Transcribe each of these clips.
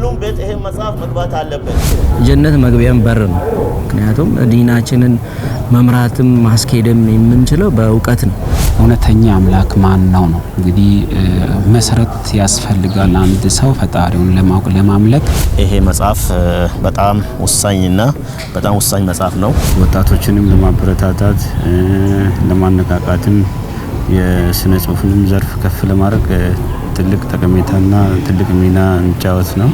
ሁሉም ቤት ይሄን መጽሐፍ መግባት አለበት። ጀነት መግቢያም በር ነው። ምክንያቱም ዲናችንን መምራትም ማስኬድም የምንችለው በእውቀት ነው። እውነተኛ አምላክ ማን ነው ነው እንግዲህ መሰረት ያስፈልጋል። አንድ ሰው ፈጣሪውን ለማወቅ ለማምለክ ይሄ መጽሐፍ በጣም ወሳኝና በጣም ወሳኝ መጽሐፍ ነው። ወጣቶችንም ለማበረታታት ለማነቃቃትም የስነ ጽሁፍንም ዘርፍ ከፍ ለማድረግ ትልቅ ጠቀሜታና ትልቅ ሚና እንጫወት ነው።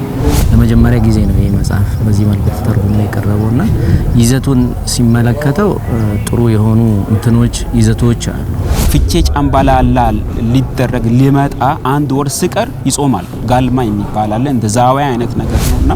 ለመጀመሪያ ጊዜ ነው ይህ መጽሐፍ በዚህ መልኩ ተተርጉሞ የቀረበው እና ይዘቱን ሲመለከተው ጥሩ የሆኑ እንትኖች ይዘቶች አሉ። ፍቼ ጫምባላላ ሊደረግ ሊመጣ አንድ ወር ስቀር ይጾማል። ጋልማ የሚባል አለ። እንደ ዛዋያ አይነት ነገር ነውና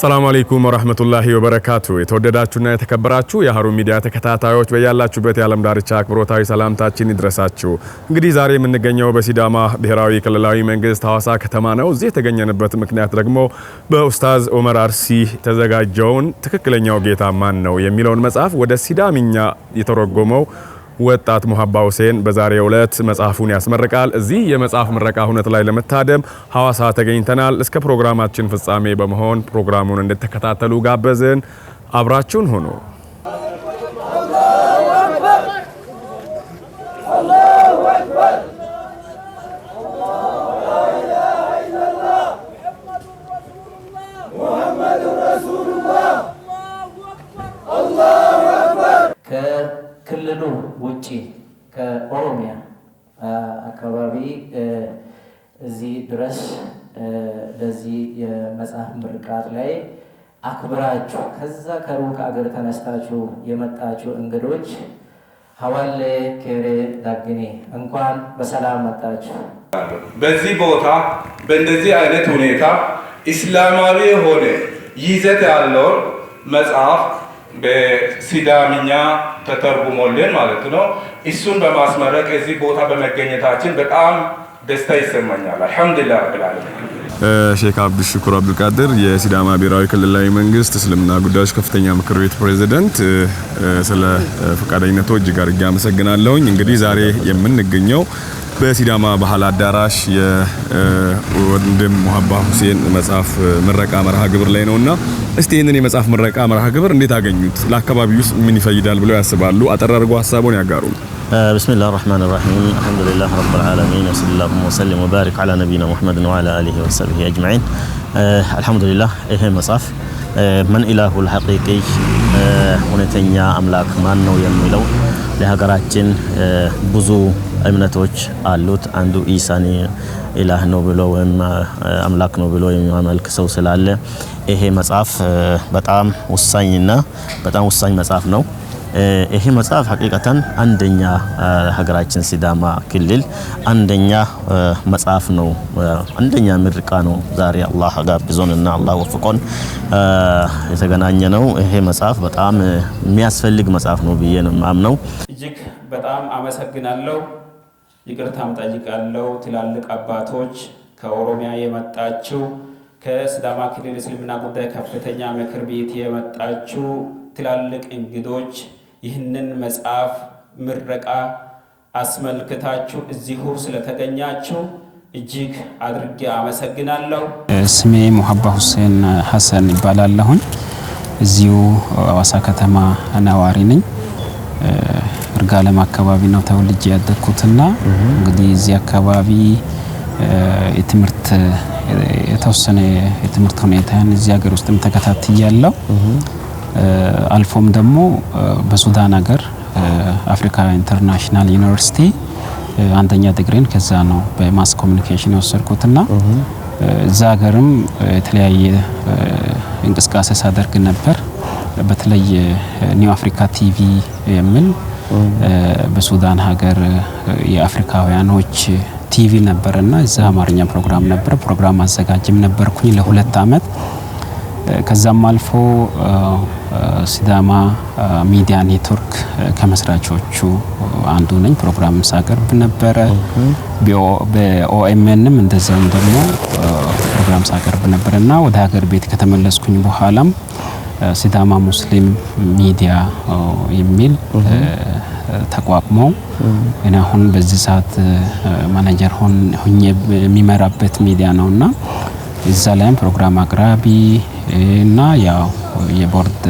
ሰላም አለይኩም ወራህመቱላሂ ወበረካቱ። የተወደዳችሁና የተከበራችሁ የሀሩን ሚዲያ ተከታታዮች በያላችሁበት የዓለም ዳርቻ አክብሮታዊ ሰላምታችን ይድረሳችሁ። እንግዲህ ዛሬ የምንገኘው በሲዳማ ብሔራዊ ክልላዊ መንግስት ሀዋሳ ከተማ ነው። እዚህ የተገኘንበት ምክንያት ደግሞ በኡስታዝ ኦመር አርሲ የተዘጋጀውን ትክክለኛው ጌታ ማን ነው የሚለውን መጽሐፍ ወደ ሲዳሚኛ የተረጎመው ወጣት ሙሀባ ሁሴን በዛሬው ዕለት መጽሐፉን ያስመርቃል። እዚህ የመጽሐፍ ምረቃ ሁነት ላይ ለመታደም ሐዋሳ ተገኝተናል። እስከ ፕሮግራማችን ፍጻሜ በመሆን ፕሮግራሙን እንድትከታተሉ ጋበዝን። አብራችሁን ሁኑ። ድረስ በዚህ የመጽሐፍ ምርቃት ላይ አክብራችሁ ከዛ ከሩቅ አገር ተነስታችሁ የመጣችሁ እንግዶች ሀዋሌ ኬሬ ዳግኔ እንኳን በሰላም መጣችሁ። በዚህ ቦታ በእንደዚህ አይነት ሁኔታ ኢስላማዊ የሆነ ይዘት ያለውን መጽሐፍ በሲዳምኛ ተተርጉሞልን ማለት ነው። እሱን በማስመረቅ እዚህ ቦታ በመገኘታችን በጣም ደስታ ይሰማኛል። አልሐምዱሊላህ ረብል ዓለሚን። ሼክ አብዱ ሽኩር አብዱልቃድር የሲዳማ ብሔራዊ ክልላዊ መንግስት እስልምና ጉዳዮች ከፍተኛ ምክር ቤት ፕሬዚደንት ስለ ፈቃደኝነቶ እጅግ አድርጌ አመሰግናለሁኝ። እንግዲህ ዛሬ የምንገኘው በሲዳማ ባህል አዳራሽ የወንድም ሙሀባ ሁሴን መጽሐፍ ምረቃ መርሃ ግብር ላይ ነውና እስቲ ይህንን የመጽሐፍ ምረቃ መርሃ ግብር እንዴት አገኙት? ለአካባቢውስ ምን ይፈይዳል ብለው ያስባሉ? አጠር አድርጎ ሀሳቡን ያጋሩ። ብስሚላህ ረህማን ረሂም አልሐምዱሊላህ ረብል ዓለሚን ወሰላሁ ወሰለም ወባሪክ ዓላ ነቢይና ሙሐመድን ወዓላ አሊሂ ወሰሕቢሂ አጅመዒን። አልሐምዱሊላህ ይሄ መጽሐፍ መን ኢላሁል ሐቂቂ እውነተኛ አምላክ ማን ነው የሚለው ለሀገራችን ብዙ እምነቶች አሉት። አንዱ ኢሳኒ ኢላህ ነው ብሎ ወይም አምላክ ነው ብሎ የሚያመልክ ሰው ስላለ ይሄ መጽሐፍ በጣም ወሳኝና በጣም ወሳኝ መጽሐፍ ነው። ይሄ መጽሐፍ ሀቂቀተን አንደኛ ሀገራችን ሲዳማ ክልል አንደኛ መጽሐፍ ነው፣ አንደኛ ምርቃ ነው። ዛሬ አላህ ጋብዞን እና አላህ ወፍቆን የተገናኘ ነው። ይሄ መጽሐፍ በጣም የሚያስፈልግ መጽሐፍ ነው ብዬ ነው የማምነው። እጅግ በጣም አመሰግናለሁ። ይቅርታ እጠይቃለሁ። ትላልቅ አባቶች ከኦሮሚያ የመጣችው ከስዳማ ክልል እስልምና ጉዳይ ከፍተኛ ምክር ቤት የመጣችው ትላልቅ እንግዶች ይህንን መጽሐፍ ምረቃ አስመልክታችሁ እዚሁ ስለተገኛችሁ እጅግ አድርጌ አመሰግናለሁ። ስሜ ሙሀባ ሁሴን ሀሰን ይባላለሁኝ። እዚሁ አዋሳ ከተማ ነዋሪ ነኝ። እርጋለም አካባቢ ነው ተወልጄ ያደግኩትና እንግዲህ እዚህ አካባቢ የትምህርት የተወሰነ የትምህርት ሁኔታን እዚህ ሀገር ውስጥም ተከታትያለሁ። አልፎም ደግሞ በሱዳን ሀገር አፍሪካ ኢንተርናሽናል ዩኒቨርሲቲ አንደኛ ዲግሪን ከዛ ነው በማስ ኮሚኒኬሽን የወሰድኩትና እዛ ሀገርም የተለያየ እንቅስቃሴ ሳደርግ ነበር። በተለይ ኒው አፍሪካ ቲቪ የሚል በሱዳን ሀገር የአፍሪካውያኖች ቲቪ ነበር እና እዛ አማርኛ ፕሮግራም ነበር። ፕሮግራም አዘጋጅም ነበርኩኝ ለሁለት አመት። ከዛም አልፎ ሲዳማ ሚዲያ ኔትወርክ ከመስራቾቹ አንዱ ነኝ። ፕሮግራም ሳቀርብ ነበረ። በኦኤምኤንም እንደዛም ደግሞ ፕሮግራም ሳቀርብ ነበር እና ወደ ሀገር ቤት ከተመለስኩኝ በኋላም ሲዳማ ሙስሊም ሚዲያ የሚል ተቋቁሞ እኔ አሁን በዚህ ሰዓት ማናጀር ሆኜ የሚመራበት ሚዲያ ነው እና እዛ ላይም ፕሮግራም አቅራቢ እና ያው የቦርድ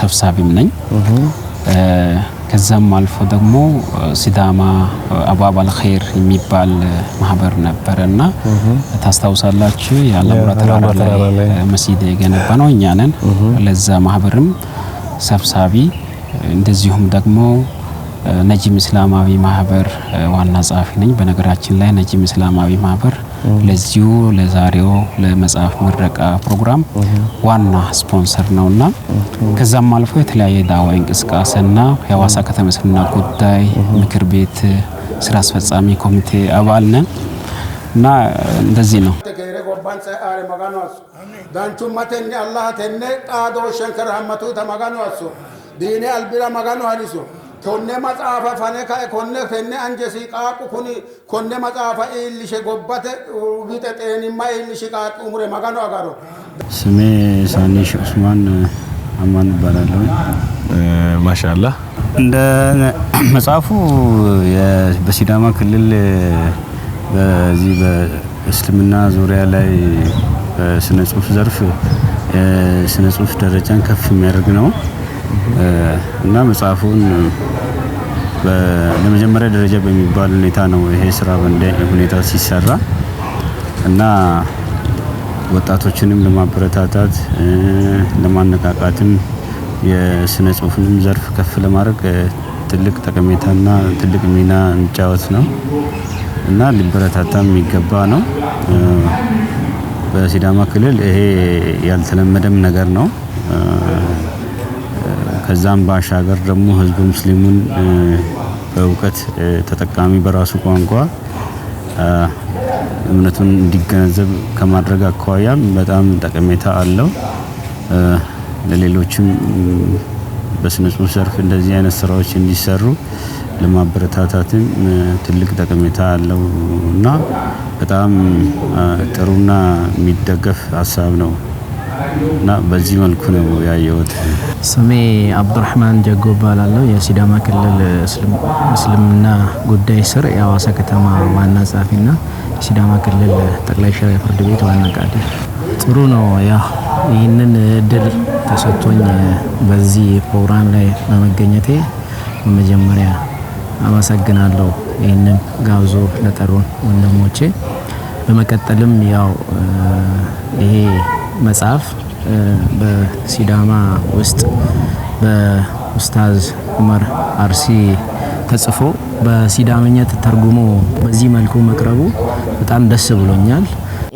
ሰብሳቢም ነኝ። ከዛም አልፎ ደግሞ ሲዳማ አባባል ኸይር የሚባል ማህበር ነበረ እና ታስታውሳላችሁ፣ የአላሙራ ተራራ ላይ መስጂድ የገነባ ነው እኛንን ለዛ ማህበርም ሰብሳቢ እንደዚሁም ደግሞ ነጂም እስላማዊ ማህበር ዋና ጸሐፊ ነኝ። በነገራችን ላይ ነጂም እስላማዊ ማህበር ለዚሁ ለዛሬው ለመጽሐፍ ምረቃ ፕሮግራም ዋና ስፖንሰር ነው እና ከዛም አልፎ የተለያየ ዳዋ እንቅስቃሴና የሀዋሳ ከተማ እስልምና ጉዳይ ምክር ቤት ስራ አስፈጻሚ ኮሚቴ አባል ነን እና እንደዚህ ነው። ዳንቹማቴን አላህ ቴኔ ቃዶ ሸንከር ሀመቱ ተመጋኑ አሱ ዲኔ አልቢራ መጋኑ ሀዲሱ ኮኔ መጽሐፈ ፈነከ ኮኔ ፌኔ አንጀሲ ቃቁ ኩኒ ኮኔ መጽሐፈ ኢልሽ ጎበተ ውጊጠ ጤኒማ ኢልሽ ቃቁ ሙሬ መጋኖ አጋሮ ስሜ ሳኒሽ ኡስማን አማን እባላለሁ። ማሻላ እንደ መጽሐፉ በሲዳማ ክልል በዚህ በእስልምና ዙሪያ ላይ በስነ ጽሁፍ ዘርፍ ስነ ጽሁፍ ደረጃን ከፍ የሚያደርግ ነው። እና መጽሐፉን ለመጀመሪያ ደረጃ በሚባል ሁኔታ ነው ይሄ ስራ በእንደ ሁኔታ ሲሰራ እና ወጣቶችንም ለማበረታታት ለማነቃቃትም የስነ ጽሁፍንም ዘርፍ ከፍ ለማድረግ ትልቅ ጠቀሜታና ትልቅ ሚና እንጫወት ነው እና ሊበረታታ የሚገባ ነው። በሲዳማ ክልል ይሄ ያልተለመደም ነገር ነው። ከዛም ባሻገር ደግሞ ህዝብ ሙስሊሙን በእውቀት ተጠቃሚ በራሱ ቋንቋ እምነቱን እንዲገነዘብ ከማድረግ አኳያም በጣም ጠቀሜታ አለው። ለሌሎችም በስነ ጽሁፍ ዘርፍ እንደዚህ አይነት ስራዎች እንዲሰሩ ለማበረታታትም ትልቅ ጠቀሜታ አለው እና በጣም ጥሩና የሚደገፍ ሀሳብ ነው። እና በዚህ መልኩ ነው ያየሁት። ስሜ አብዱራህማን ጀጎ እባላለሁ። የሲዳማ ክልል እስልምና ጉዳይ ስር የአዋሳ ከተማ ዋና ጸሐፊና የሲዳማ ክልል ጠቅላይ ሸሪያ ፍርድ ቤት ዋና ቃዲ። ጥሩ ነው ያ ይህንን እድል ተሰጥቶኝ በዚህ ፕሮግራም ላይ በመገኘቴ በመጀመሪያ አመሰግናለሁ ይህንን ጋብዞ ለጠሩን ወንድሞቼ። በመቀጠልም ያው ይሄ መጽሐፍ በሲዳማ ውስጥ በኡስታዝ ዑመር አርሲ ተጽፎ በሲዳመኛ ተተርጉሞ በዚህ መልኩ መቅረቡ በጣም ደስ ብሎኛል።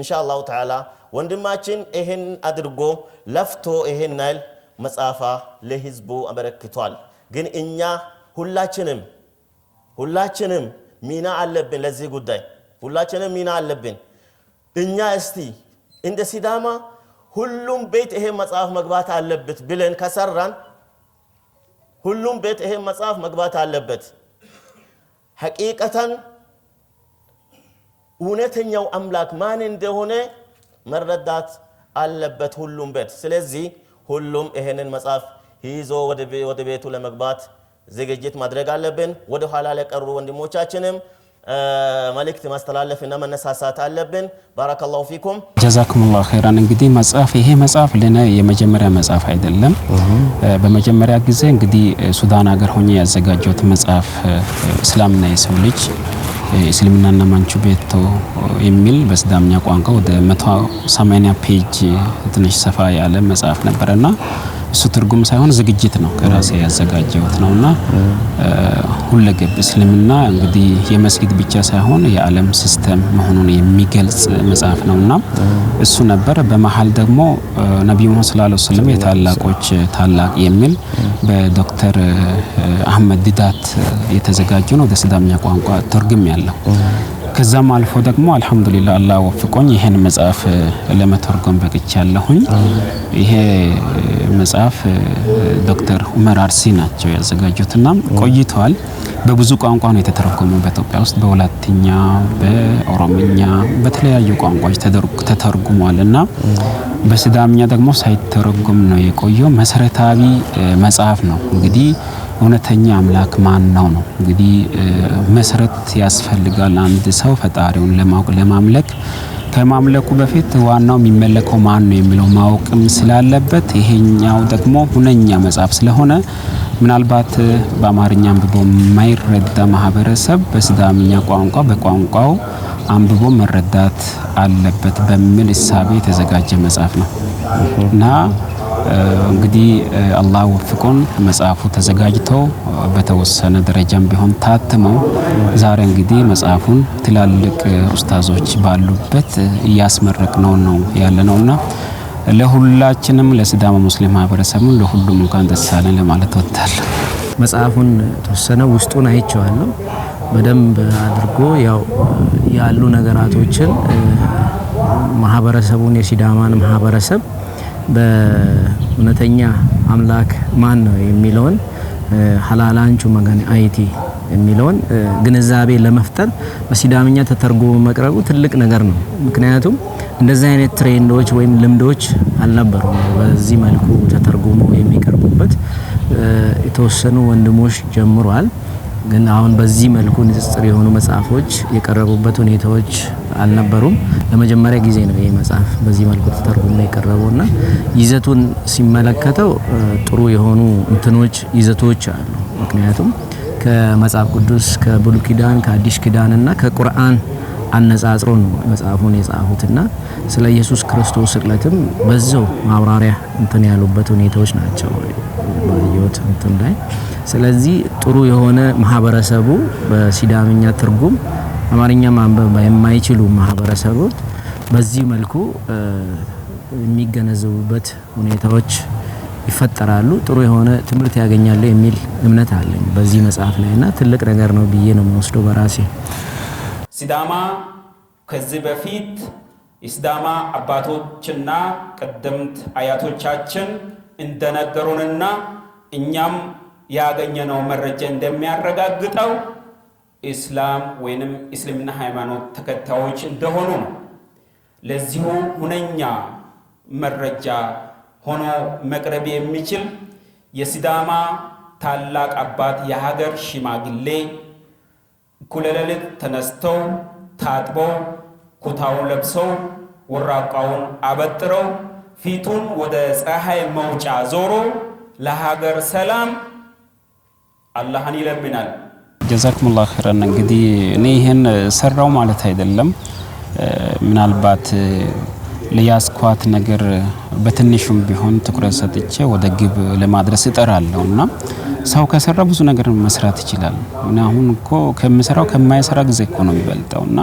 እንሻ አላሁ ተዓላ ወንድማችን ይህን አድርጎ ለፍቶ ይህን ናይል መጽሐፋ ለህዝቡ አበረክቷል። ግን እኛ ሁላችንም ሁላችንም ሚና አለብን ለዚህ ጉዳይ ሁላችንም ሚና አለብን። እኛ እስቲ እንደ ሲዳማ ሁሉም ቤት ይሄ መጽሐፍ መግባት አለበት ብለን ከሰራን ሁሉም ቤት ይሄ መጽሐፍ መግባት አለበት። ሐቂቀተን እውነተኛው አምላክ ማን እንደሆነ መረዳት አለበት ሁሉም ቤት። ስለዚህ ሁሉም ይሄንን መጽሐፍ ይዞ ወደ ቤቱ ለመግባት ዝግጅት ማድረግ አለብን። ወደ ኋላ ለቀሩ ወንድሞቻችንም መልእክት ማስተላለፍና መነሳሳት አለብን። ባረከላሁ ፊኩም ጀዛኩሙላሁ ኸይራን። እንግዲህ መጽሐፍ ይሄ መጽሐፍ ለእኔ የመጀመሪያ መጽሐፍ አይደለም። በመጀመሪያ ጊዜ እንግዲህ ሱዳን ሀገር ሆኜ ያዘጋጀሁት መጽሐፍ እስላምና የሰው ልጅ እስልምናና ማንቹ ቤቶ የሚል በሱዳምኛ ቋንቋ ወደ 180 ፔጅ ትንሽ ሰፋ ያለ መጽሐፍ ነበረና እሱ ትርጉም ሳይሆን ዝግጅት ነው ከራሴ ያዘጋጀሁት ነውና ሁለገብ እስልምና እንግዲህ የመስጊድ ብቻ ሳይሆን የዓለም ሲስተም መሆኑን የሚገልጽ መጽሐፍ ነውና እሱ ነበር። በመሀል ደግሞ ነቢዩ መሐመድ ሰለላሁ ዐለይሂ ወሰለም የታላቆች ታላቅ የሚል በዶክተር አህመድ ዲዳት የተዘጋጀ ነው ወደ ቋንቋ ትርጉም ያለው ከዛም አልፎ ደግሞ አልሐምዱሊላ አላህ ወፍቆኝ ይሄን መጽሐፍ ለመተርጎም በቅቻለሁኝ። ይሄ መጽሐፍ ዶክተር ኡመር አርሲ ናቸው ያዘጋጁትና ቆይተዋል። በብዙ ቋንቋ ነው የተተረጎመው በኢትዮጵያ ውስጥ በሁለተኛ በኦሮምኛ፣ በተለያዩ ቋንቋዎች ተተርጉሟል እና በስዳምኛ ደግሞ ሳይተረጎም ነው የቆየው። መሰረታዊ መጽሐፍ ነው እንግዲህ እውነተኛ አምላክ ማን ነው ነው። እንግዲህ መሰረት ያስፈልጋል። አንድ ሰው ፈጣሪውን ለማወቅ ለማምለክ ከማምለኩ በፊት ዋናው የሚመለከው ማን ነው የሚለው ማወቅም ስላለበት ይሄኛው ደግሞ ሁነኛ መጽሐፍ ስለሆነ ምናልባት በአማርኛ አንብቦ የማይረዳ ማህበረሰብ በስዳምኛ ቋንቋ በቋንቋው አንብቦ መረዳት አለበት በሚል እሳቤ የተዘጋጀ መጽሐፍ ነው እና እንግዲህ አላህ ወፍቆን መጽሐፉ ተዘጋጅቶ በተወሰነ ደረጃም ቢሆን ታትሞ ዛሬ እንግዲህ መጽሐፉን ትላልቅ ኡስታዞች ባሉበት እያስመረቅ ነው ያለነውና ለሁላችንም ለሲዳማ ሙስሊም ማህበረሰብም ለሁሉም እንኳን ደስ አለን ለማለት እወዳለሁ። መጽሐፉን ተወሰነ ውስጡን አይቼዋለሁ። በደንብ አድርጎ ያው ያሉ ነገራቶችን ማህበረሰቡን የሲዳማን ማህበረሰብ በእውነተኛ አምላክ ማን ነው የሚለውን ሀላላንቹ መገን አይቲ የሚለውን ግንዛቤ ለመፍጠር በሲዳምኛ ተተርጉሞ መቅረቡ ትልቅ ነገር ነው። ምክንያቱም እንደዚህ አይነት ትሬንዶች ወይም ልምዶች አልነበሩ። በዚህ መልኩ ተተርጉሞ የሚቀርቡበት የተወሰኑ ወንድሞች ጀምሯል። ግን አሁን በዚህ መልኩ ንጽጽር የሆኑ መጽሐፎች የቀረቡበት ሁኔታዎች አልነበሩም። ለመጀመሪያ ጊዜ ነው ይህ መጽሐፍ በዚህ መልኩ ተተርጉሞ የቀረበው እና ይዘቱን ሲመለከተው ጥሩ የሆኑ እንትኖች ይዘቶች አሉ። ምክንያቱም ከመጽሐፍ ቅዱስ ከብሉይ ኪዳን ከአዲስ ኪዳን እና ከቁርአን አነጻጽሮ ነው መጽሐፉን የጻፉትና ስለ ኢየሱስ ክርስቶስ ስቅለትም በዛው ማብራሪያ እንትን ያሉበት ሁኔታዎች ናቸው ባየሁት እንትን ላይ። ስለዚህ ጥሩ የሆነ ማህበረሰቡ በሲዳምኛ ትርጉም አማርኛ ማንበብ የማይችሉ ማህበረሰቦች በዚህ መልኩ የሚገነዘቡበት ሁኔታዎች ይፈጠራሉ። ጥሩ የሆነ ትምህርት ያገኛሉ የሚል እምነት አለኝ በዚህ መጽሐፍ ላይ እና ትልቅ ነገር ነው ብዬ ነው የምወስደው በራሴ። ሲዳማ ከዚህ በፊት የሲዳማ አባቶችና ቀደምት አያቶቻችን እንደነገሩንና እኛም ያገኘነው መረጃ እንደሚያረጋግጠው ኢስላም ወይንም እስልምና ሃይማኖት ተከታዮች እንደሆኑ ነው። ለዚሁ ሁነኛ መረጃ ሆኖ መቅረብ የሚችል የሲዳማ ታላቅ አባት የሀገር ሽማግሌ እኩለ ሌሊት ተነስተው ታጥበው ኩታውን ለብሰው ወራቃውን አበጥረው ፊቱን ወደ ፀሐይ መውጫ ዞሮ ለሀገር ሰላም አላህን ይለምናል። ጀዛኩሙላ ኸይረን። እንግዲህ እኔ ይሄን ሰራው ማለት አይደለም። ምናልባት ለያስኳት ነገር በትንሹም ቢሆን ትኩረት ሰጥቼ ወደ ግብ ለማድረስ እጠራለሁ እና ሰው ከሰራ ብዙ ነገር መስራት ይችላል። እና አሁን እኮ ከምሰራው ከማይሰራ ጊዜ እኮ ነው የሚበልጠው። እና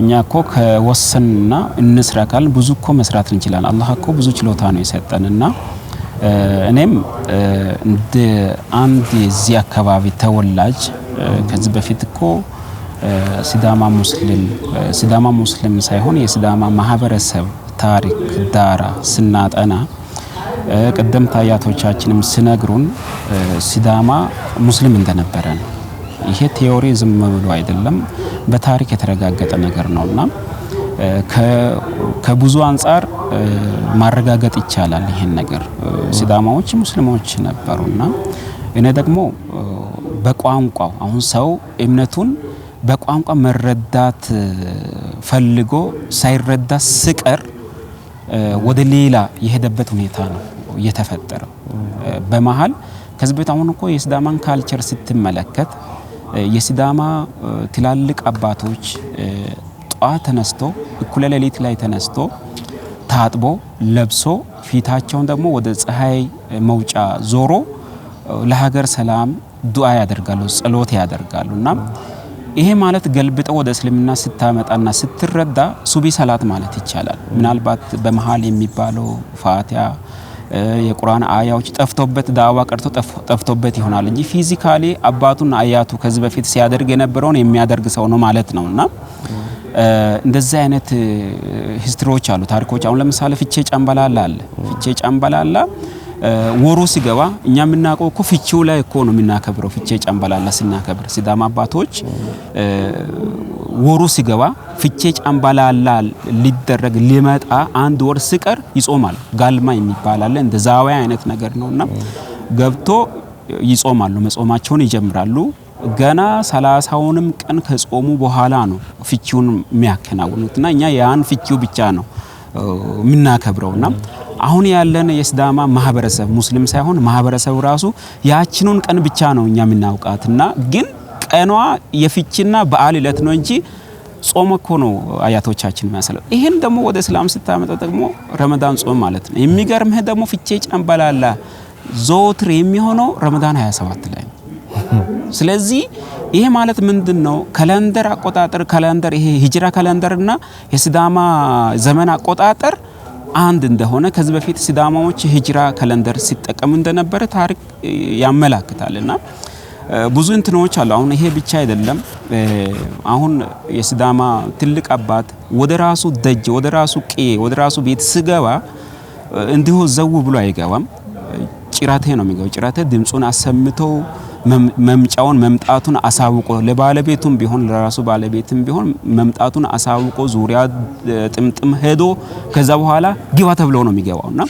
እኛ እኮ ከወሰንና እንስራ ካልን ብዙ እኮ መስራት እንችላለን። አላህ እኮ ብዙ ችሎታ ነው የሰጠን እና እኔም እንደ አንድ የዚህ አካባቢ ተወላጅ ከዚህ በፊት እኮ ሲዳማ ሙስሊም ሲዳማ ሙስሊም ሳይሆን የሲዳማ ማህበረሰብ ታሪክ ዳራ ስናጠና ቀደምት አያቶቻችንም ሲነግሩን ሲዳማ ሙስሊም እንደነበረ ነው። ይሄ ቴዎሪ ዝም ብሎ አይደለም፣ በታሪክ የተረጋገጠ ነገር ነው እና ከብዙ አንጻር ማረጋገጥ ይቻላል። ይሄን ነገር ሲዳማዎች ሙስሊሞች ነበሩና እኔ ደግሞ በቋንቋው አሁን ሰው እምነቱን በቋንቋ መረዳት ፈልጎ ሳይረዳ ስቀር ወደ ሌላ የሄደበት ሁኔታ ነው የተፈጠረው። በመሀል ከዚህ በፊት አሁን እኮ የሲዳማን ካልቸር ስትመለከት የሲዳማ ትላልቅ አባቶች ጠዋት ተነስቶ እኩለ ሌሊት ላይ ተነስቶ ታጥቦ ለብሶ ፊታቸውን ደግሞ ወደ ፀሐይ መውጫ ዞሮ ለሀገር ሰላም ዱዓ ያደርጋሉ፣ ጸሎት ያደርጋሉ። እና ይሄ ማለት ገልብጠ ወደ እስልምና ስታመጣና ስትረዳ ሱቢ ሰላት ማለት ይቻላል። ምናልባት በመሀል የሚባለው ፋቲያ የቁርአን አያዎች ጠፍቶበት ዳዋ ቀርቶ ጠፍቶበት ይሆናል እንጂ ፊዚካሊ አባቱና አያቱ ከዚህ በፊት ሲያደርግ የነበረውን የሚያደርግ ሰው ነው ማለት ነውና እንደዚህ አይነት ሂስትሪዎች አሉ፣ ታሪኮች። አሁን ለምሳሌ ፍቼ ጫምባላላ አለ። ፍቼ ጫምባላላ ወሩ ሲገባ እኛ የምናውቀው እኮ ፍቼው ላይ እኮ ነው የምናከብረው። ፍቼ ጫምባላላ ስናከብር ሲዳማ አባቶች ወሩ ሲገባ ፍቼ ጫምባላላ ሊደረግ ሊመጣ አንድ ወር ሲቀር ይጾማል። ጋልማ የሚባል አለ እንደ አይነት ነገር ነውና ገብቶ ይጾማሉ፣ መጾማቸውን ይጀምራሉ። ገና ሰላሳውንም ቀን ከጾሙ በኋላ ነው ፍቺውን የሚያከናውኑትና እኛ ያን ፍቺው ብቻ ነው የምናከብረውና አሁን ያለን የስዳማ ማህበረሰብ ሙስሊም ሳይሆን ማህበረሰቡ ራሱ ያችኑን ቀን ብቻ ነው እኛ የምናውቃትና ግን ቀኗ የፍቺና በዓል ለት ነው እንጂ ጾም እኮ ነው አያቶቻችን የሚያሰለ ይህን ደግሞ ወደ እስላም ስታመጣ ደግሞ ረመዳን ጾም ማለት ነው። የሚገርምህ ደግሞ ፍቼ ጨንበላላ ዘወትር የሚሆነው ረመዳን 27 ላይ ነው። ስለዚህ ይሄ ማለት ምንድን ነው? ካላንደር አቆጣጠር ካላንደር ይሄ ሂጅራ ካላንደርና የሲዳማ ዘመን አቆጣጠር አንድ እንደሆነ ከዚህ በፊት ሲዳማዎች ሂጅራ ካላንደር ሲጠቀሙ እንደነበረ ታሪክ ያመላክታልና ብዙ እንትኖች አሉ። አሁን ይሄ ብቻ አይደለም። አሁን የሲዳማ ትልቅ አባት ወደ ራሱ ደጅ፣ ወደ ራሱ ቅዬ፣ ወደ ራሱ ቤት ስገባ እንዲሁ ዘው ብሎ አይገባም። ጭራቴ ነው የሚገባው። ጭራቴ ድምፁን አሰምተው መምጫውን መምጣቱን አሳውቆ ለባለቤቱም ቢሆን ለራሱ ባለቤትም ቢሆን መምጣቱን አሳውቆ ዙሪያ ጥምጥም ሄዶ ከዛ በኋላ ግባ ተብሎ ነው የሚገባው እና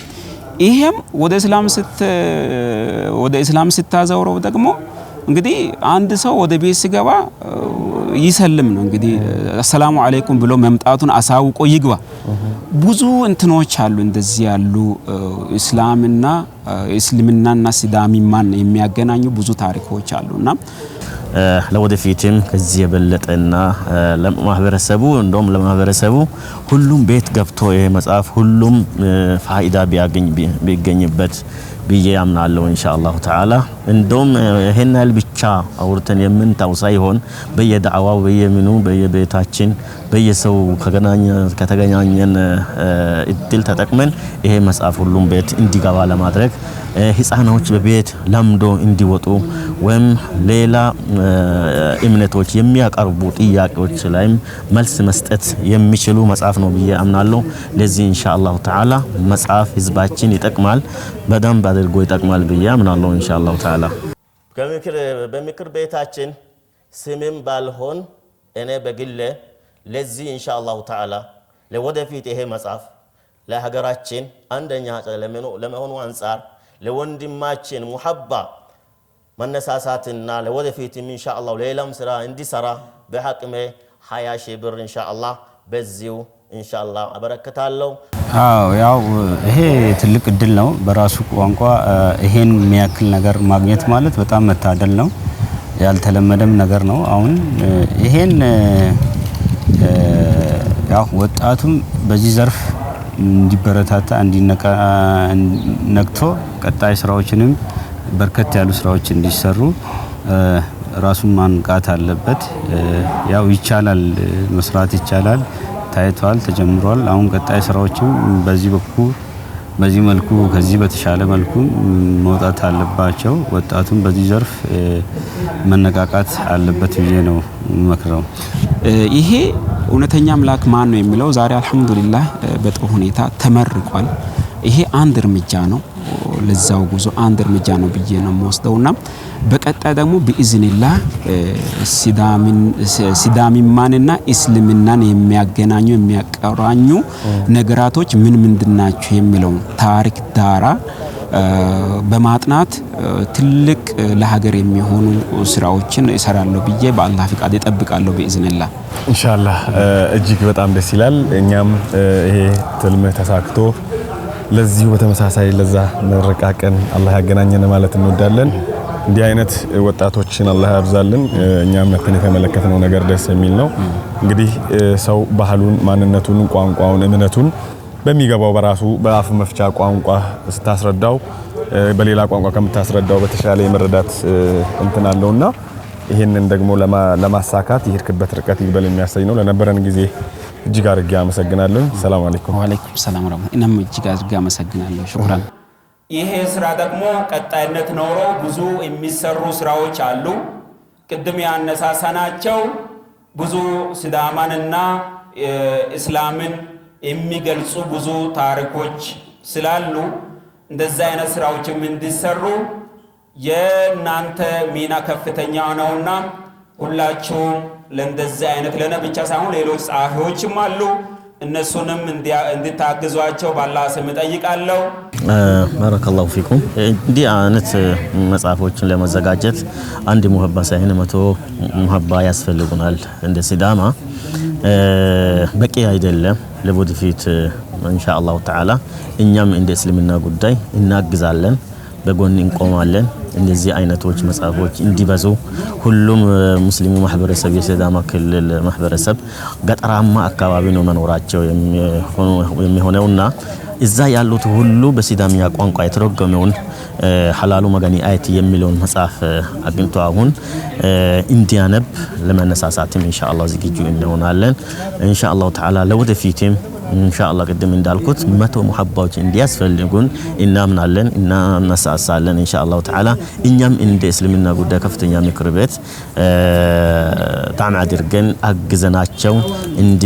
ይሄም ወደ እስላም ስት ወደ እስላም ስታዘውረው ደግሞ እንግዲህ አንድ ሰው ወደ ቤት ሲገባ ይሰልም ነው እንግዲህ አሰላሙ አለይኩም ብሎ መምጣቱን አሳውቆ ይግባ። ብዙ እንትኖች አሉ እንደዚህ ያሉ እስላምና እስልምናና ሲዳሚማን የሚያገናኙ ብዙ ታሪኮች አሉና ለወደፊትም ከዚህ የበለጠና ለማህበረሰቡ እንደውም ለማህበረሰቡ ሁሉም ቤት ገብቶ ይሄ መጽሐፍ ሁሉም ፋይዳ ቢያገኝ ቢገኝበት ብዬ ያምናለሁ። ኢንሻአላሁ ተዓላ እንደውም ይሄን ያህል ብቻ አውርተን የምንታው ሳይሆን በየዳዕዋው በየምኑ በየቤታችን በየሰው ከተገናኘን እድል ተጠቅመን ይሄ መጽሐፍ ሁሉም ቤት እንዲገባ ለማድረግ ህፃናዎች በቤት ለምዶ እንዲወጡ ወይም ሌላ እምነቶች የሚያቀርቡ ጥያቄዎች ላይም መልስ መስጠት የሚችሉ መጽሐፍ ነው ብዬ አምናለሁ። ለዚህ ኢንሻአላሁ ተዓላ መጽሐፍ ህዝባችን ይጠቅማል፣ በደንብ አድርጎ ይጠቅማል ብዬ አምናለሁ ኢንሻአላሁ ተዓላ። በምክር ቤታችን ስምም ባልሆን እኔ በግሌ ለዚህ ኢንሻአላሁ ተዓላ ለወደፊት ይሄ መጽሐፍ ለሀገራችን አንደኛ ለመሆኑ አንጻር ለወንድማችን ሙሐባ መነሳሳትና ለወደፊትም እንሻ ሌላም ስራ እንዲሰራ በሐቅሜ ሀያ ሺህ ብር እንሻ አላህ በዚሁ እንሻ አላህ አበረክታለሁ። ያው ይሄ ትልቅ እድል ነው በራሱ ቋንቋ ይሄን የሚያክል ነገር ማግኘት ማለት በጣም መታደል ነው። ያልተለመደም ነገር ነው። አሁን ይሄን ያው ወጣቱም በዚህ ዘርፍ እንዲበረታታ እንዲነቅቶ ቀጣይ ስራዎችንም በርከት ያሉ ስራዎች እንዲሰሩ ራሱን ማንቃት አለበት። ያው ይቻላል፣ መስራት ይቻላል፣ ታይቷል፣ ተጀምሯል። አሁን ቀጣይ ስራዎችም በዚህ በኩ በዚህ መልኩ ከዚህ በተሻለ መልኩ መውጣት አለባቸው። ወጣቱም በዚህ ዘርፍ መነቃቃት አለበት ብዬ ነው መክረው ይሄ እውነተኛ አምላክ ማን ነው የሚለው ዛሬ አልሐምዱሊላህ በጥሩ ሁኔታ ተመርቋል። ይሄ አንድ እርምጃ ነው፣ ለዛው ጉዞ አንድ እርምጃ ነው ብዬ ነው ና በቀጣይ ደግሞ ቢኢዝኒላህ ሲዳሚማንና እስልምናን የሚያገናኙ የሚያቀራኙ ነገራቶች ምን ምንድናቸው የሚለውን ታሪክ ዳራ በማጥናት ትልቅ ለሀገር የሚሆኑ ስራዎችን እሰራለሁ ብዬ በአላህ ፍቃድ እጠብቃለሁ። ብኢዝንላ እንሻላ እጅግ በጣም ደስ ይላል። እኛም ይሄ ትልምህ ተሳክቶ ለዚሁ በተመሳሳይ ለዛ ምረቃ ቀን አላህ ያገናኘን ማለት እንወዳለን። እንዲህ አይነት ወጣቶችን አላህ ያብዛልን። እኛም መተን የተመለከትነው ነገር ደስ የሚል ነው። እንግዲህ ሰው ባህሉን፣ ማንነቱን፣ ቋንቋውን፣ እምነቱን በሚገባው በራሱ በአፍ መፍቻ ቋንቋ ስታስረዳው በሌላ ቋንቋ ከምታስረዳው በተሻለ የመረዳት እንትን አለውና ይህንን ደግሞ ለማሳካት የሄድክበት ርቀት ይበል የሚያሳይ ነው። ለነበረን ጊዜ እጅግ አድርጌ አመሰግናለሁ። ሰላም አለይኩም። ዋለይኩም ሰላም ረ እኔም እጅግ አድርጌ አመሰግናለሁ። ሹክራን። ይሄ ስራ ደግሞ ቀጣይነት ኖሮ ብዙ የሚሰሩ ስራዎች አሉ። ቅድም ያነሳሳናቸው ብዙ ስዳማንና እስላምን የሚገልጹ ብዙ ታሪኮች ስላሉ እንደዛ አይነት ስራዎችም እንዲሰሩ የእናንተ ሚና ከፍተኛ ነውና ሁላችሁም ለእንደዚህ አይነት ለነ ብቻ ሳይሆን ሌሎች ጸሐፊዎችም አሉ እነሱንም እንድታግዟቸው ባላ ስም እጠይቃለሁ። ባረከላሁ ፊኩም። እንዲህ አይነት መጽሐፎችን ለመዘጋጀት አንድ ሙሀባ ሳይሆን መቶ ሙሀባ ያስፈልጉናል። እንደ ሲዳማ በቂ አይደለም። ለወደፊት ኢንሻአላሁ ተዓላ እኛም እንደ እስልምና ጉዳይ እናግዛለን፣ በጎን እንቆማለን። እንደዚህ አይነቶች መጽሐፎች እንዲበዙ ሁሉም ሙስሊሙ ማህበረሰብ የሲዳማ ክልል ማህበረሰብ ገጠራማ አካባቢ ነው መኖራቸው የሚሆነውና እዛ ያሉት ሁሉ በሲዳሚያ ቋንቋ የተረጎመውን ሀላሉ መገኒ አይት የሚለውን መጽሐፍ አግኝቶ አሁን እንዲያነብ ለመነሳሳትም ኢንሻአላህ ዝግጁ እንሆናለን። ኢንሻ ተዓላ ለወደፊትም ኢንሻአላህ ቅድም እንዳልኩት መቶ ሙሐባዎች እንዲያስፈልጉን እናምናለን እና እናሳሳለን። ኢንሻአላህ ተዓላ እኛም እንደ እስልምና ጉዳይ ከፍተኛ ምክር ቤት ጣን አድርገን አግዘናቸው እንዲ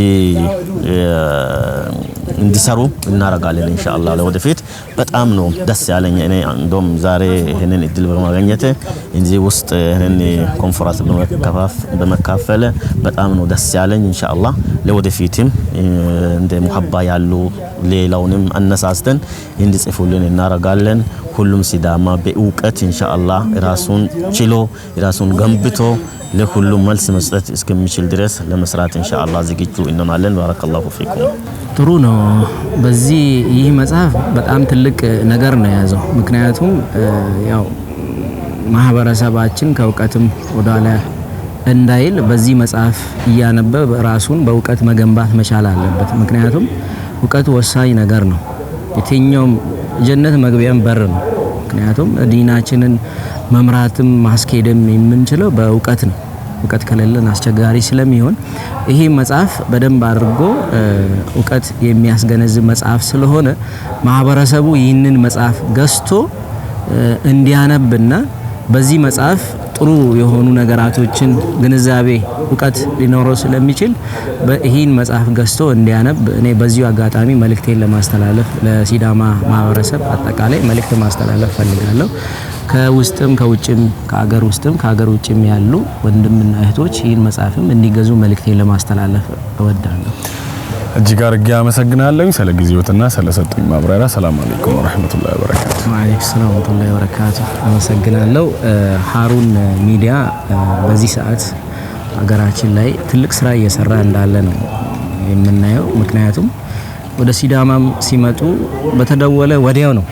እንዲሰሩ እናረጋለን። ኢንሻአላህ ለወደፊት በጣም ነው ደስ ያለኝ። እኔ እንደውም ዛሬ ይሄንን እድል በማገኘት እንጂ ውስጥ ይሄንን ኮንፈረንስ በመካፈል በጣም ነው ደስ ያለኝ። ኢንሻአላህ ለወደፊትም እንደ ሀባ ያሉ ሌላውንም አነሳስተን እንዲጽፉልን እናረጋለን። ሁሉም ሲዳማ በእውቀት ኢንሻአላህ ራሱን ችሎ ራሱን ገንብቶ ለሁሉም መልስ መስጠት እስከሚችል ድረስ ለመስራት ኢንሻአላህ ዝግጁ እንሆናለን። ባረከላሁ ፊኩም። ጥሩ ነው። በዚህ ይህ መጽሐፍ በጣም ትልቅ ነገር ነው የያዘው። ምክንያቱም ያው ማህበረሰባችን ከእውቀትም ወደኋላ እንዳይል በዚህ መጽሐፍ እያነበበ ራሱን በእውቀት መገንባት መቻል አለበት። ምክንያቱም እውቀት ወሳኝ ነገር ነው። የትኛውም ጀነት መግቢያም በር ነው። ምክንያቱም ዲናችንን መምራትም ማስኬድም የምንችለው በእውቀት ነው። እውቀት ከሌለን አስቸጋሪ ስለሚሆን ይሄ መጽሐፍ በደንብ አድርጎ እውቀት የሚያስገነዝብ መጽሐፍ ስለሆነ ማህበረሰቡ ይህንን መጽሐፍ ገዝቶ እንዲያነብና በዚህ መጽሐፍ ጥሩ የሆኑ ነገራቶችን ግንዛቤ፣ እውቀት ሊኖረው ስለሚችል ይህን መጽሐፍ ገዝቶ እንዲያነብ እኔ በዚሁ አጋጣሚ መልእክቴን ለማስተላለፍ ለሲዳማ ማህበረሰብ አጠቃላይ መልእክት ማስተላለፍ ፈልጋለሁ። ከውስጥም ከውጭም ከአገር ውስጥም ከአገር ውጭም ያሉ ወንድምና እህቶች ይህን መጽሐፍም እንዲገዙ መልእክቴን ለማስተላለፍ እወዳለሁ። እጅግ አድርጌ አመሰግናለሁ ስለ ጊዜዎትና ስለሰጡኝ ማብራሪያ። ሰላም አለይኩም ወራህመቱላሂ ወበረካቱ። ወአለይኩም ሰላም ወራህመቱላሂ ወበረካቱ። አመሰግናለሁ። ሀሩን ሚዲያ በዚህ ሰዓት ሀገራችን ላይ ትልቅ ስራ እየሰራ እንዳለ ነው የምናየው። ምክንያቱም ወደ ሲዳማም ሲመጡ በተደወለ ወዲያው ነው፣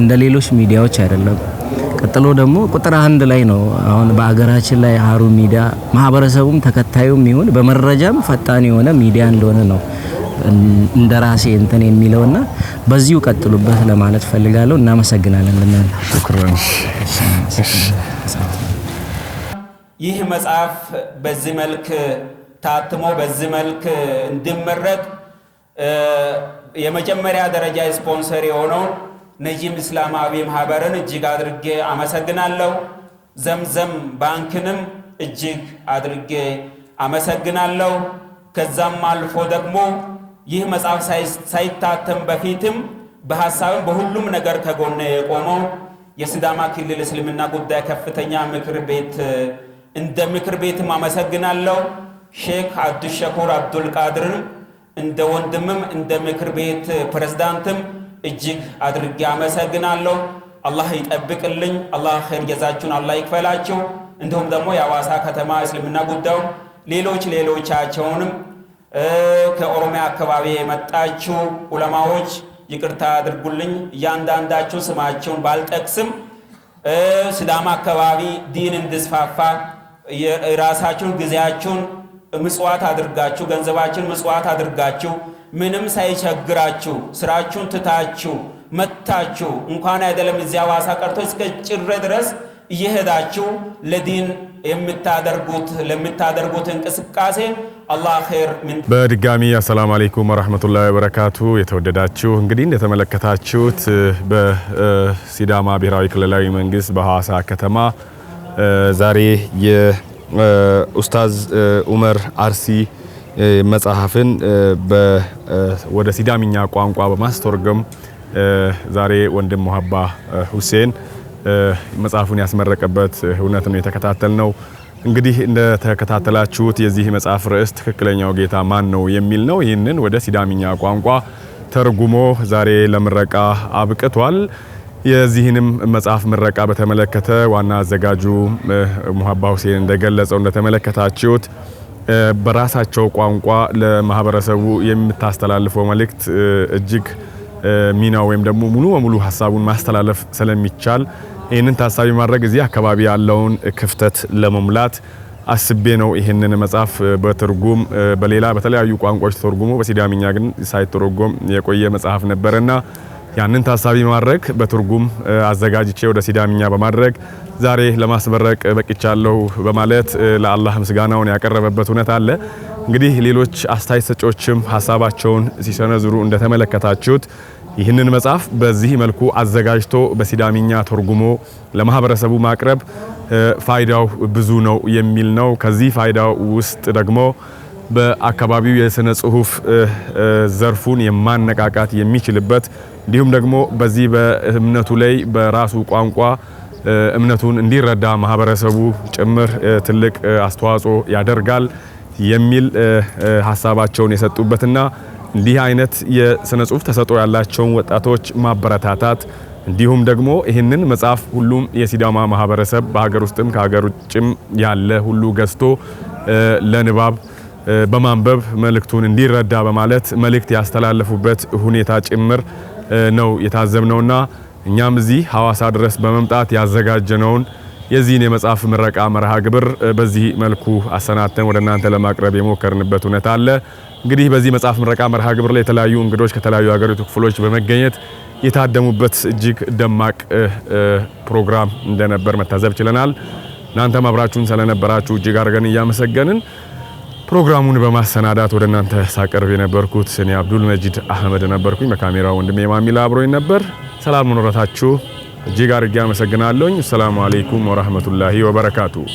እንደ ሌሎች ሚዲያዎች አይደለም። ቀጥሎ ደግሞ ቁጥር አንድ ላይ ነው አሁን በአገራችን ላይ ሀሩ ሚዲያ ማህበረሰቡም ተከታዩም ይሁን በመረጃም ፈጣን የሆነ ሚዲያ እንደሆነ ነው እንደ ራሴ እንትን የሚለውና በዚሁ ቀጥሉበት ለማለት ፈልጋለሁ። እናመሰግናለን። ልናል ይህ መጽሐፍ በዚህ መልክ ታትሞ በዚህ መልክ እንዲመረጥ የመጀመሪያ ደረጃ ስፖንሰር የሆነው ነጂም እስላማዊ ማህበርን እጅግ አድርጌ አመሰግናለሁ። ዘምዘም ባንክንም እጅግ አድርጌ አመሰግናለሁ። ከዛም አልፎ ደግሞ ይህ መጽሐፍ ሳይታተም በፊትም በሀሳብም በሁሉም ነገር ከጎነ የቆመው የስዳማ ክልል እስልምና ጉዳይ ከፍተኛ ምክር ቤት እንደ ምክር ቤትም አመሰግናለሁ። ሼክ አብዱሸኩር አብዱልቃድርን እንደ ወንድምም እንደ ምክር ቤት ፕሬዝዳንትም እጅግ አድርጌ አመሰግናለሁ። አላህ ይጠብቅልኝ። አላህ ኸይር ጀዛችሁን አላህ ይክፈላችሁ። እንዲሁም ደግሞ የአዋሳ ከተማ እስልምና ጉዳዩ ሌሎች ሌሎቻቸውንም ከኦሮሚያ አካባቢ የመጣችሁ ዑለማዎች ይቅርታ አድርጉልኝ። እያንዳንዳችሁ ስማቸውን ባልጠቅስም ስዳማ አካባቢ ዲን እንድስፋፋ የራሳችሁን ጊዜያችሁን ምጽዋት አድርጋችሁ ገንዘባችን ምጽዋት አድርጋችሁ ምንም ሳይቸግራችሁ ስራችሁን ትታችሁ መታችሁ እንኳን አይደለም እዚያ ሐዋሳ ቀርቶ እስከ ጭረ ድረስ እየሄዳችሁ ለዲን የምታደርጉት ለምታደርጉት እንቅስቃሴ አላህ ኸይር። በድጋሚ አሰላሙ አለይኩም ወራህመቱላሂ ወበረካቱ። የተወደዳችሁ እንግዲህ እንደተመለከታችሁት በሲዳማ ብሔራዊ ክልላዊ መንግስት በሐዋሳ ከተማ ዛሬ የኡስታዝ ኡመር አርሲ መጽሐፍን ወደ ሲዳሚኛ ቋንቋ በማስተርጎም ዛሬ ወንድም ሙሀባ ሁሴን መጽሐፉን ያስመረቀበት እውነት ነው የተከታተልነው። እንግዲህ እንደተከታተላችሁት የዚህ መጽሐፍ ርዕስ ትክክለኛው ጌታ ማን ነው የሚል ነው። ይህንን ወደ ሲዳሚኛ ቋንቋ ተርጉሞ ዛሬ ለምረቃ አብቅቷል። የዚህንም መጽሐፍ ምረቃ በተመለከተ ዋና አዘጋጁ ሙሀባ ሁሴን እንደገለጸው እንደተመለከታችሁት በራሳቸው ቋንቋ ለማህበረሰቡ የምታስተላልፈው መልእክት እጅግ ሚና ወይም ደግሞ ሙሉ በሙሉ ሀሳቡን ማስተላለፍ ስለሚቻል ይህንን ታሳቢ ማድረግ እዚህ አካባቢ ያለውን ክፍተት ለመሙላት አስቤ ነው ይህንን መጽሐፍ በትርጉም በሌላ በተለያዩ ቋንቋዎች ተርጉሞ በሲዳምኛ ግን ሳይተረጎም የቆየ መጽሐፍ ነበረና ያንን ታሳቢ ማድረግ በትርጉም አዘጋጅቼ ወደ ሲዳምኛ በማድረግ ዛሬ ለማስመረቅ በቅቻለሁ በማለት ለአላህ ምስጋናውን ያቀረበበት እውነት አለ። እንግዲህ ሌሎች አስተያየት ሰጪዎችም ሀሳባቸውን ሲሰነዝሩ እንደተመለከታችሁት ይህንን መጽሐፍ በዚህ መልኩ አዘጋጅቶ በሲዳሚኛ ተርጉሞ ለማህበረሰቡ ማቅረብ ፋይዳው ብዙ ነው የሚል ነው። ከዚህ ፋይዳው ውስጥ ደግሞ በአካባቢው የስነ ጽሁፍ ዘርፉን የማነቃቃት የሚችልበት እንዲሁም ደግሞ በዚህ በእምነቱ ላይ በራሱ ቋንቋ እምነቱን እንዲረዳ ማህበረሰቡ ጭምር ትልቅ አስተዋጽኦ ያደርጋል የሚል ሀሳባቸውን የሰጡበትና እንዲህ አይነት የስነ ጽሁፍ ተሰጥኦ ያላቸውን ወጣቶች ማበረታታት እንዲሁም ደግሞ ይህንን መጽሐፍ ሁሉም የሲዳማ ማህበረሰብ በሀገር ውስጥም ከሀገር ውጭም ያለ ሁሉ ገዝቶ ለንባብ በማንበብ መልእክቱን እንዲረዳ በማለት መልእክት ያስተላለፉበት ሁኔታ ጭምር ነው የታዘብነውና እኛም እዚህ ሐዋሳ ድረስ በመምጣት ያዘጋጀነውን የዚህን የመጽሐፍ ምረቃ መርሃ ግብር በዚህ መልኩ አሰናተን ወደ እናንተ ለማቅረብ የሞከርንበት እውነት አለ። እንግዲህ በዚህ መጽሐፍ ምረቃ መርሃ ግብር ላይ የተለያዩ እንግዶች ከተለያዩ ሀገሪቱ ክፍሎች በመገኘት የታደሙበት እጅግ ደማቅ ፕሮግራም እንደነበር መታዘብ ችለናል። እናንተም አብራችሁን ስለነበራችሁ እጅግ አድርገን እያመሰገንን ፕሮግራሙን በማሰናዳት ወደ እናንተ ሳቀርብ የነበርኩት እኔ አብዱል መጂድ አህመድ ነበርኩኝ። በካሜራ ወንድሜ ማሚላ አብሮኝ ነበር። ሰላም ኖረታችሁ እጅግ አድርጌ አመሰግናለሁኝ። አሰላሙ አለይኩም ወረህመቱላሂ ወበረካቱ።